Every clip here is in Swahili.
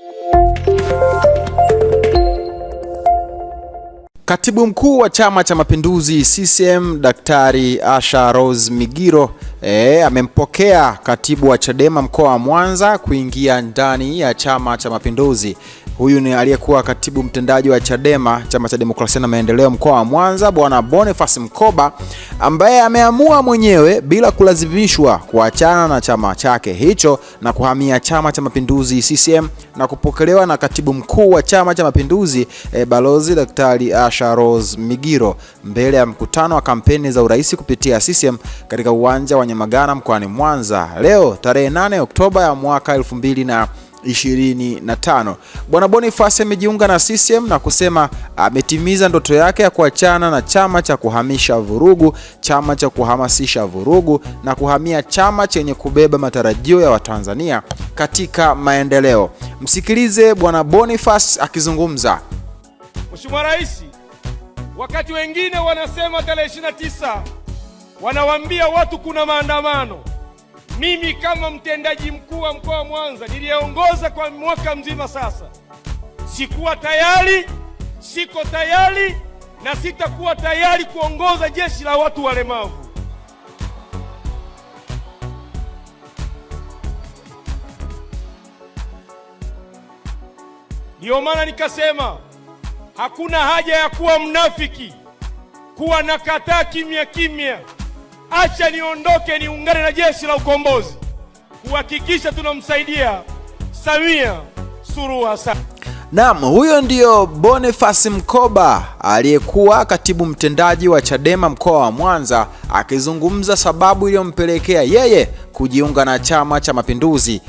Música Katibu mkuu wa Chama cha Mapinduzi CCM Daktari Asha Rose Migiro e, amempokea katibu wa Chadema mkoa wa Mwanza kuingia ndani ya Chama cha Mapinduzi. Huyu ni aliyekuwa katibu mtendaji wa Chadema, chama cha demokrasia na maendeleo mkoa wa Mwanza, Bwana Boniface Mkoba, ambaye ameamua mwenyewe bila kulazimishwa kuachana na chama chake hicho na kuhamia chama cha mapinduzi CCM na kupokelewa na katibu mkuu wa chama cha mapinduzi e, balozi Daktari Asha Natasha Rose Migiro mbele ya mkutano wa kampeni za urais kupitia CCM katika uwanja wa Nyamagana mkoani Mwanza leo tarehe 8 Oktoba ya mwaka 2025. Bwana Boniface amejiunga na CCM na kusema ametimiza ndoto yake ya kuachana na chama cha kuhamisha vurugu, chama cha kuhamasisha vurugu na kuhamia chama chenye kubeba matarajio ya Watanzania katika maendeleo. Msikilize Bwana Boniface akizungumza. Mheshimiwa Rais Wakati wengine wanasema tarehe ishirini na tisa wanawaambia watu kuna maandamano. Mimi kama mtendaji mkuu wa mkoa wa Mwanza niliyeongoza kwa mwaka mzima sasa, sikuwa tayari, siko tayari na sitakuwa tayari kuongoza jeshi la watu walemavu. Ndiyo maana nikasema Hakuna haja ya kuwa mnafiki, kuwa na kataa kimya kimya. Acha niondoke niungane na jeshi la ukombozi kuhakikisha tunamsaidia Samia Suluhu Hassan. Naam, huyo ndiyo Boniface Mkoba aliyekuwa katibu mtendaji wa Chadema mkoa wa Mwanza akizungumza sababu iliyompelekea yeye kujiunga na Chama cha Mapinduzi.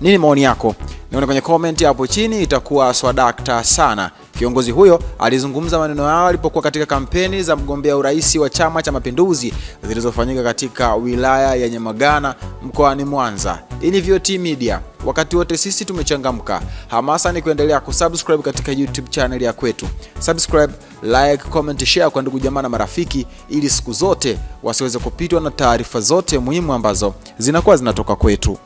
Nini maoni yako? Nione kwenye comment hapo chini, itakuwa swadakta sana. Kiongozi huyo alizungumza maneno yao alipokuwa katika kampeni za mgombea urais wa Chama cha Mapinduzi zilizofanyika katika wilaya ya Nyamagana mkoani Mwanza. Hii ni VOT Media, wakati wote sisi tumechangamka. Hamasa ni kuendelea kusubscribe katika YouTube channel ya kwetu. Subscribe, like, comment, share kwa ndugu jamaa na marafiki, ili siku zote wasiweze kupitwa na taarifa zote muhimu ambazo zinakuwa zinatoka kwetu.